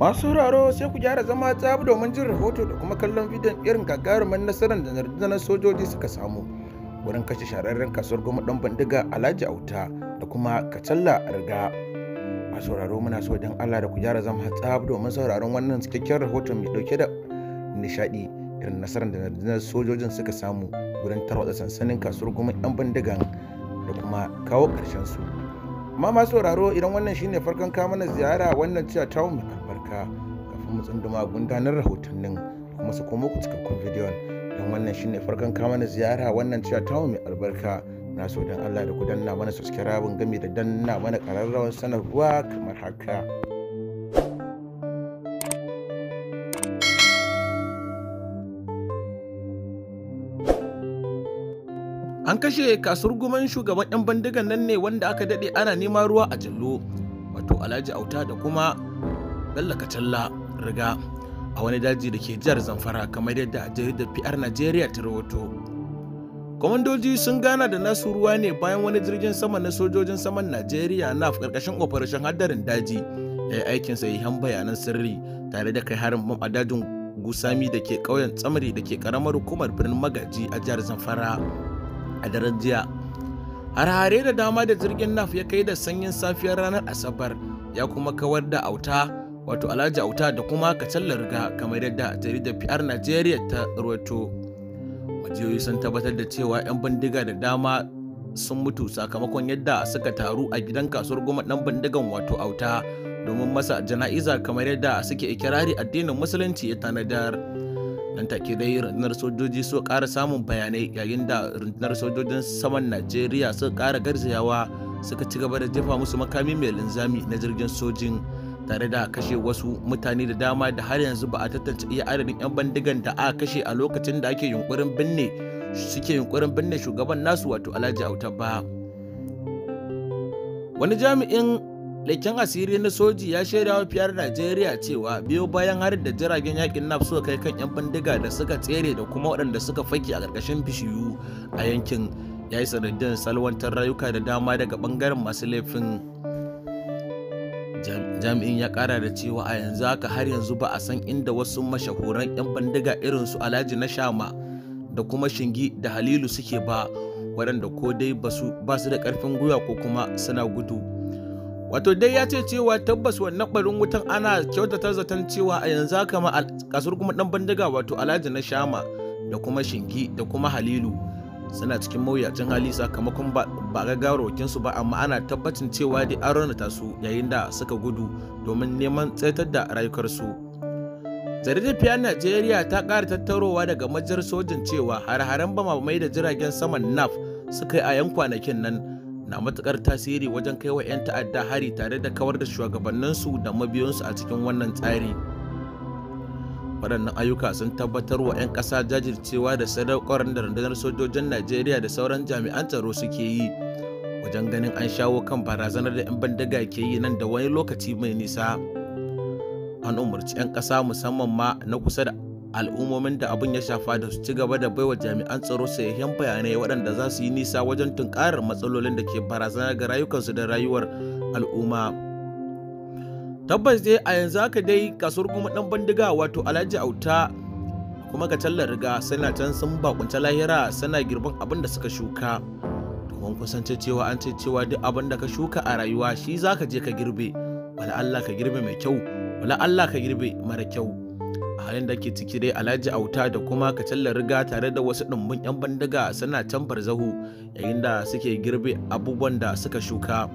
masu sauraro sai ku gyara zama tsabu domin jin rahoto da kuma kallon bidiyon irin gagarumin nasarar da na sojoji suka samu wurin kashe shahararren kasuwar goma dan bandiga alhaji auta da kuma kacalla riga masu sauraro muna so don allah da ku gyara zama tsabu domin sauraron wannan cikakken rahoton mai dauke da nishadi irin nasarar da rundunar sojojin suka samu wurin tarwatsa sansanin kasuwar goma yan bandigan da kuma kawo karshen su amma masu sauraro idan wannan shine farkon kama na ziyara wannan cewa ta mu albarka kafin mu tsunduma gundanar rahotannin kuma su koma ku cikakkun bidiyon idan wannan shine farkon kama na ziyara wannan cewa ta mu albarka na so don Allah da ku danna mana subscribe gami da danna mana kararrawar sanarwa kamar haka an kashe kasuwar guman shugaban 'yan bandigan nan ne wanda aka daɗe ana neman ruwa a jallo wato alhaji auta da kuma bello kacalla riga a wani daji da ke jihar zamfara kamar yadda a jaridar pr najeriya ta rahoto kwamandoji sun gana da nasu ruwa ne bayan wani jirgin sama na sojojin saman najeriya na karkashin operation hadarin daji ya yi aikin sahihan bayanan sirri tare da kai harin bam a dajin gusami da ke ƙauyen tsamari da ke ƙaramar hukumar birnin magaji a jihar zamfara a daren jiya harhare da dama da jirgin naf ya kai da sanyin safiyar ranar asabar ya kuma kawar da auta wato alhaji auta da kuma kacallar riga kamar yadda jaridar pr najeriya ta ruwato majiyoyi sun tabbatar da cewa 'yan bindiga da dama sun mutu sakamakon yadda suka taru a gidan kasuwar goma dan bindigan wato auta domin masa jana'iza kamar yadda suke ikirari addinin musulunci ya tanadar nan take dai rundunar sojoji su ƙara samun bayanai yayin da rundunar sojojin saman najeriya suka ƙara garzayawa suka ci gaba da jefa musu makami mai linzami na jirgin sojin tare da kashe wasu mutane da dama da har yanzu ba a iya adadin 'yan bandigan da aka kashe a lokacin da ake yunkurin binne suke yunkurin binne shugaban nasu wato alhaji auta ba wani jami'in Leken asiri na soji ya shirya wa fiyar Najeriya cewa biyo bayan harin da jiragen yakin NAF suka kai kan 'yan bindiga da suka tsere da kuma waɗanda suka faki a ƙarƙashin bishiyu a yankin ya yi sanadin salwantar rayuka da dama daga ɓangaren masu laifin. Jami'in ya ƙara da cewa a yanzu haka har yanzu ba a san inda wasu mashahuran 'yan bindiga irin su Alhaji na Shama da kuma Shingi da Halilu suke ba waɗanda ko dai ba su da ƙarfin gwiwa ko kuma suna gudu. wato dai ya ce cewa tabbas wannan barin wutan ana kyautata zaton cewa a yanzu haka ma kasar kuma dan bandiga wato alhaji na shama da kuma shingi da kuma halilu suna cikin mawuyacin hali sakamakon ba gagarokin su ba amma ana tabbacin cewa dai an raunata su yayin da suka gudu domin neman tsaitar da rayukarsu jaridar fiya najeriya ta kara tattarowa daga majiyar sojin cewa har-haren bama mai da jiragen saman naf suka yi a yan kwanakin nan na matukar tasiri wajen kai wa 'yan ta'adda hari tare da kawar da shugabanninsu da mabiyansu a cikin wannan tsari waɗannan ayyuka sun tabbatar wa 'yan ƙasa jajircewa da sadaukar da rundunar sojojin najeriya da sauran jami'an tsaro suke yi wajen ganin an shawo kan barazanar da 'yan bandaga ke yi nan da wani lokaci mai nisa an umarci 'yan ƙasa musamman ma na kusa da al'ummomin da abin ya shafa da su ci gaba da baiwa jami'an tsaro sayayyen bayanai waɗanda za su yi nisa wajen tunkarar matsalolin da ke barazana ga rayukansu da rayuwar al'umma tabbas dai a yanzu haka dai kasuwar kuma dan bindiga wato alhaji auta kuma ka tallar riga suna can sun bakunta lahira suna girban abin da suka shuka domin kusance cewa an ce cewa duk abin da ka shuka a rayuwa shi zaka je ka girbe wala Allah ka girbe mai kyau wala Allah ka girbe mara kyau a halin da ke ciki dai alhaji auta da kuma kacallar riga tare da wasu ɗumbin 'yan bandiga suna can barzahu yayin da suke girbe abubuwan da suka shuka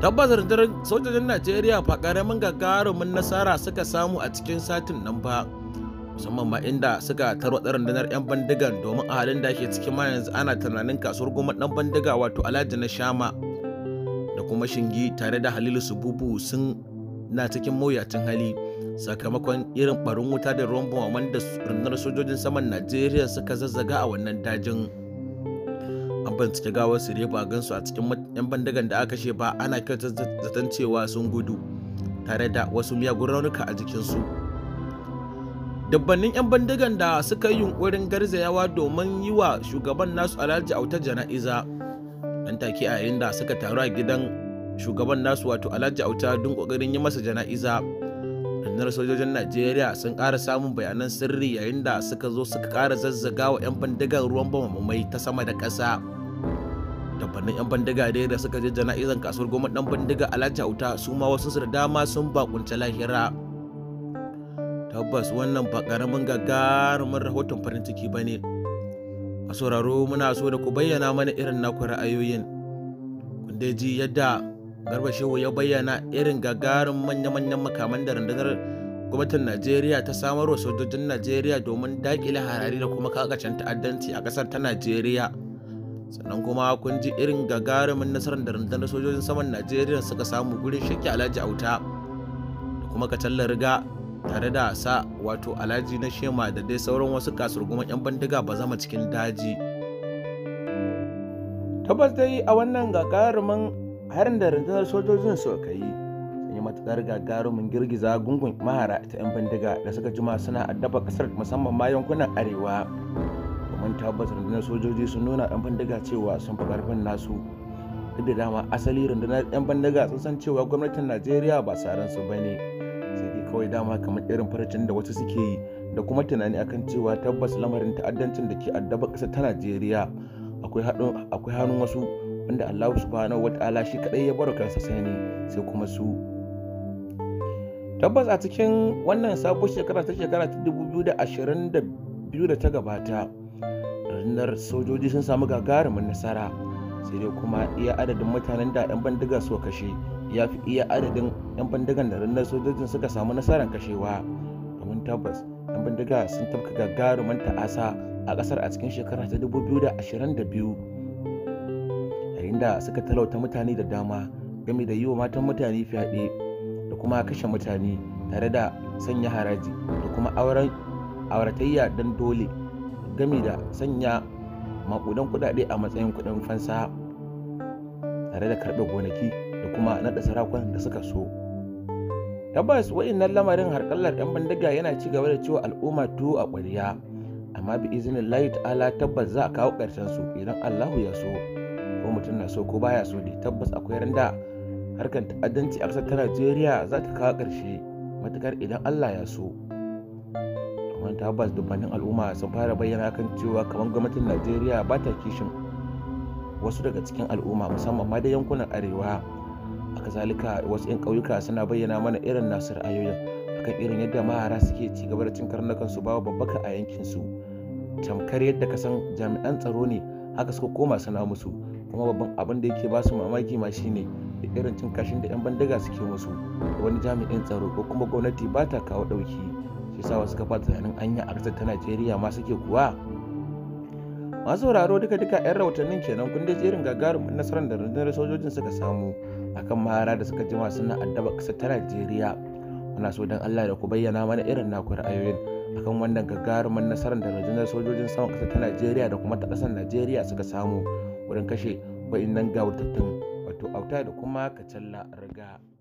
tabbas rundunar sojojin najeriya fa ƙaramin gagarumin nasara suka samu a cikin satin nan ba musamman ma inda suka tarwatsa rundunar 'yan bandigan domin a halin da ke ciki ma yanzu ana tunanin kasuwar goma ɗan bandiga wato alhaji na shama da kuma shingi tare da halilu sububu sun na cikin mawuyacin hali sakamakon irin barin wuta da ruwan bumaman da rundunar sojojin saman najeriya suka zazzaga a wannan dajin an bincike gawar su ba gansu a cikin yan bandagan da aka ba ana kyautar zaton cewa sun gudu tare da wasu miyagun raunuka a jikinsu dabbannin yan bandagan da suka yi yunkurin garzayawa domin yi wa shugaban nasu alhaji auta jana'iza An take a yayin da suka taru a gidan shugaban nasu wato alhaji auta don kokarin yi masa jana'iza rundunar sojojin najeriya sun ƙara samun bayanan sirri yayin da suka zo suka ƙara zazzaga wa 'yan bandigar ruwan mai ta sama da ƙasa dabbannin 'yan bandiga dai da suka je jana'izan kasuwar goma ɗan bandiga alhaji auta su ma wasu su da dama sun bakunce lahira tabbas wannan ba ƙaramin gagarumin rahoton farin ciki ba ne a sauraro muna so da ku bayyana mana irin naku ra'ayoyin kun dai ji yadda garba shehu ya bayyana irin gagarin manya-manyan makaman da rundunar gwamnatin najeriya ta samar wa sojojin najeriya domin dakile harari da kuma kakacin ta'addanci a kasar ta najeriya sannan kuma kun ji irin gagarumin nasarar da rundunar sojojin saman najeriya suka samu gurin shakki alhaji auta da kuma kacalla riga tare da sa wato alhaji na shema da dai sauran wasu kasurguman 'yan bandiga ba zama cikin daji tabbas dai a wannan gagarumin a harin da rundunar sojojin su ka yi sun yi matuƙar gagarumin girgiza gungun mahara ta 'yan bindiga da suka jima suna addaba kasar musamman ma yankunan arewa domin tabbas rundunar sojoji sun nuna 'yan bindiga cewa sun fi ƙarfin nasu duk da dama asali rundunar 'yan bindiga sun san cewa gwamnatin najeriya ba saran su bane sai dai kawai dama kamar irin farcin da wasu suke yi da kuma tunani akan cewa tabbas lamarin ta'addancin da ke addaba kasa ta najeriya akwai hannun wasu wanda Allah subhanahu wata'ala shi kadai ya bar kansa sani sai kuma su tabbas a cikin wannan sabon shekara ta shekara ta 2022 da ta gabata rundunar sojoji sun samu gagarumin nasara sai dai kuma iya adadin mutanen da 'yan bandiga suka kashe ya fi iya adadin 'yan bandigan da rundunar sojojin suka samu nasarar kashewa domin tabbas 'yan bandiga sun tafka gagarumin ta'asa a kasar a cikin shekara ta 2022 yayin da suka talauta mutane da dama game da yi wa matan mutane fyaɗe da kuma kashe mutane tare da sanya haraji da kuma auratayya don dole game da sanya makudan kudade a matsayin kudin fansa tare da karɓe gonaki da kuma naɗa sarakunan da suka so tabbas wa'innan lamarin harkallar 'yan bandaga yana ci gaba da cewa al'umma tuwo a ƙwariya amma bi izinin layi ta'ala tabbas za a kawo ƙarshen su idan allahu ya so mutum na so ko baya so ne tabbas akwai randa harkar ta'addanci a kasar ta najeriya za ta kawo ƙarshe matukar idan allah ya so amma tabbas dubbanin al'umma sun fara bayyana kan cewa kamar gwamnatin najeriya ba ta kishin wasu daga cikin al'umma musamman ma da yankunan arewa a kazalika wasu 'yan ƙauyuka suna bayyana mana irin nasu ra'ayoyin akan irin yadda mahara suke ci gaba da cin karnukan su babu babbaka a yankinsu tamkar yadda ka san jami'an tsaro ne haka suka koma suna musu kuma babban abin da yake ba su mamaki ma shine da irin cin kashin da 'yan bandiga suke musu wani jami'in tsaro ko kuma gwamnati ba ta kawo ɗauki shi sa wasu kafa tunanin anya a kasar ta najeriya ma suke kuwa masu sauraro duka duka 'yan rahotannin kenan kun dai jerin gagarumin nasarar da rundunar sojojin suka samu akan mahara da suka jima suna addaba ƙasar ta najeriya muna so don allah da ku bayyana mana irin naku ra'ayoyin akan wannan gagarumin nasarar da rundunar sojojin saman ƙasar ta najeriya da kuma ta ƙasar najeriya suka samu wurin kashe nan wata gawurtattun wato auta da kuma kacalla riga